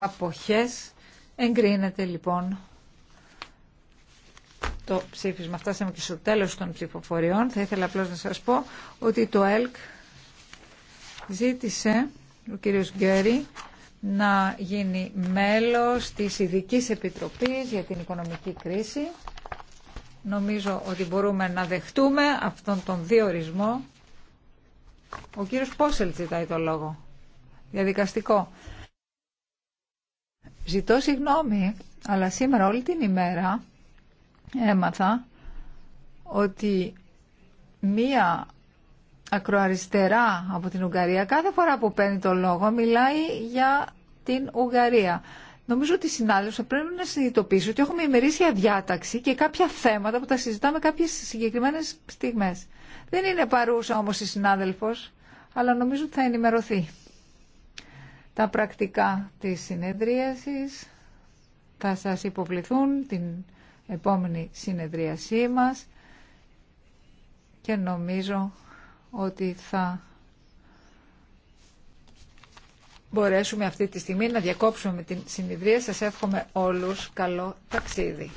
Αποχές εγκρίνεται λοιπόν το ψήφισμα. Φτάσαμε και στο τέλος των ψηφοφοριών. Θα ήθελα απλώς να σας πω ότι το ΕΛΚ ζήτησε ο κύριος Γκέρι να γίνει μέλος της ειδική Επιτροπής για την Οικονομική Κρίση. Νομίζω ότι μπορούμε να δεχτούμε αυτόν τον διορισμό. Ο κύριος Πόσελ ζητάει το λόγο. Διαδικαστικό. Ζητώ συγγνώμη, αλλά σήμερα όλη την ημέρα έμαθα ότι μία ακροαριστερά από την Ουγγαρία κάθε φορά που παίρνει το λόγο μιλάει για την Ουγγαρία. Νομίζω ότι οι συνάδελφοι πρέπει να συνειδητοποιήσουν ότι έχουμε ημερήσια διάταξη και κάποια θέματα που τα συζητάμε κάποιες συγκεκριμένες στιγμές. Δεν είναι παρούσα όμως η συνάδελφος, αλλά νομίζω ότι θα ενημερωθεί. Τα πρακτικά της συνεδρίασης θα σας υποβληθούν την επόμενη συνεδρίασή μας και νομίζω ότι θα μπορέσουμε αυτή τη στιγμή να διακόψουμε την συνεδρία. Σας εύχομαι όλους καλό ταξίδι.